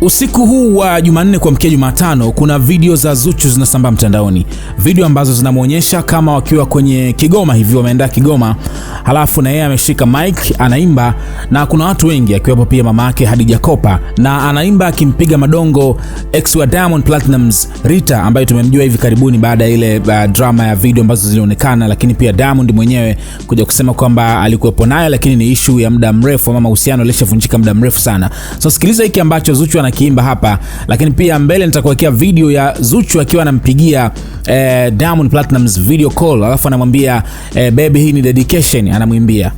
Usiku huu wa Jumanne kuamkia Jumatano kuna video za Zuchu zinasambaa mtandaoni, video ambazo zinamwonyesha kama wakiwa kwenye Kigoma hivi, wameenda Kigoma, halafu na yeye ameshika mic anaimba, na kuna watu wengi akiwepo pia mama yake Hadija Kopa, na anaimba akimpiga madongo ex wa Diamond Platnumz Rita, ambaye tumemjua hivi karibuni baada ya ile uh, drama ya video ambazo zilionekana, lakini pia Diamond mwenyewe kuja kusema kwamba alikuwepo naye, lakini ni issue ya muda mrefu ama mahusiano yalishavunjika muda mrefu sana. So sikiliza hiki ambacho Zuchu anakiimba hapa, lakini pia mbele nitakuwekea video ya Zuchu akiwa anampigia eh, Diamond Platnumz video call, alafu anamwambia eh, baby hii ni dedication, anamwimbia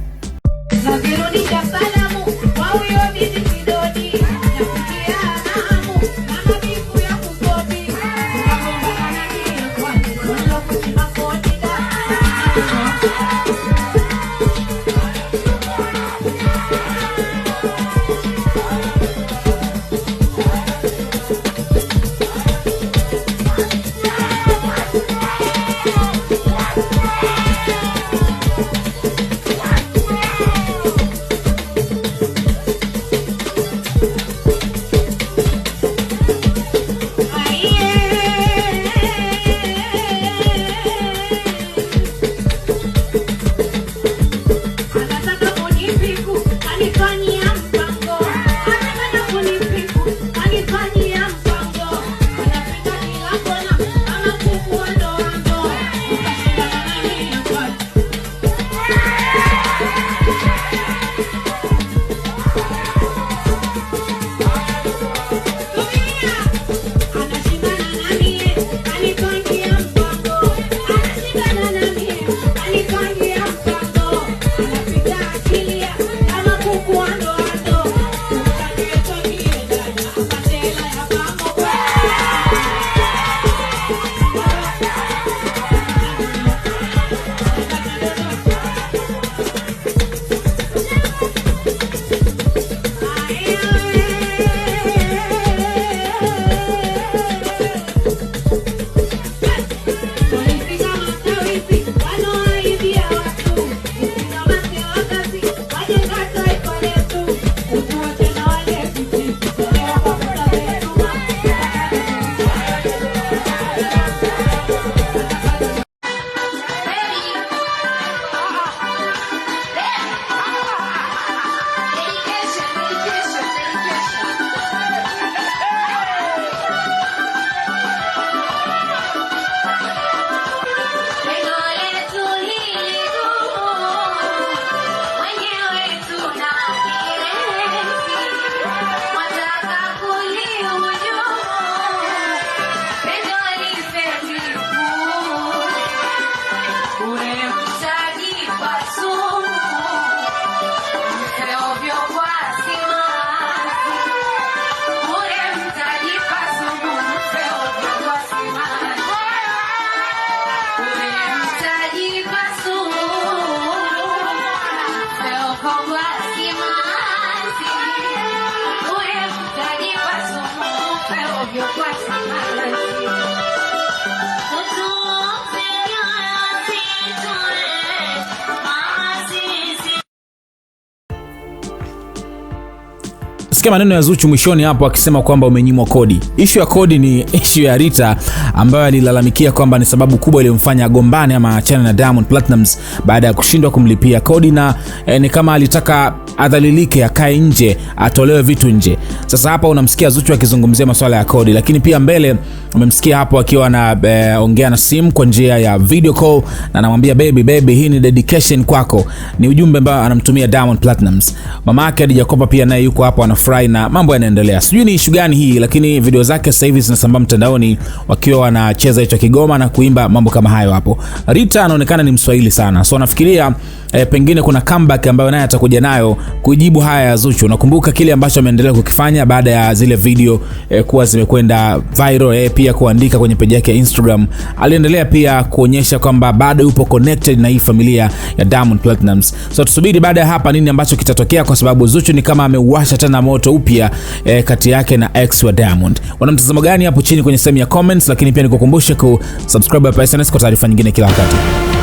of your Christ. Tumesikia maneno ya Zuchu mwishoni hapo akisema kwamba umenyimwa kodi. Ishu ya kodi ni ishu ya Rita ambayo alilalamikia kwamba ni sababu kubwa iliyomfanya agombane ama achane na Diamond Platnumz baada ya kushindwa kumlipia kodi na eh, ni kama alitaka adhalilike, akae nje, atolewe vitu nje. Sasa hapa unamsikia Zuchu akizungumzia masuala ya kodi, lakini pia mbele umemsikia hapo akiwa na eh, ongea na simu kwa njia ya video call na anamwambia baby, baby, hii ni dedication kwako. Ni ujumbe ambao anamtumia Diamond Platnumz. Mama yake Khadija pia naye yuko hapo anafurahi Fly na mambo yanaendelea, sijui ni issue gani hii, lakini video zake sasa hivi zinasambaa mtandaoni wakiwa wanacheza hicho kigoma na kuimba mambo kama hayo. Hapo Rita anaonekana ni Mswahili sana, so nafikiria e, pengine kuna comeback ambayo naye atakuja nayo kujibu haya ya Zuchu. Nakumbuka kile ambacho ameendelea kukifanya baada ya zile video e, kuwa zimekwenda viral, e, pia kuandika kwenye page yake ya Instagram. Aliendelea pia kuonyesha kwamba bado yupo connected na hii familia ya Diamond Platnumz. So tusubiri baada ya hapa nini ambacho kitatokea, kwa sababu Zuchu ni kama ameuasha tena moto moto upya e, kati yake na X wa Diamond. mtazamo gani hapo chini kwenye sehemu ya comments, lakini pia nikukumbushe kusubscribe hapa SnS kwa taarifa nyingine kila wakati.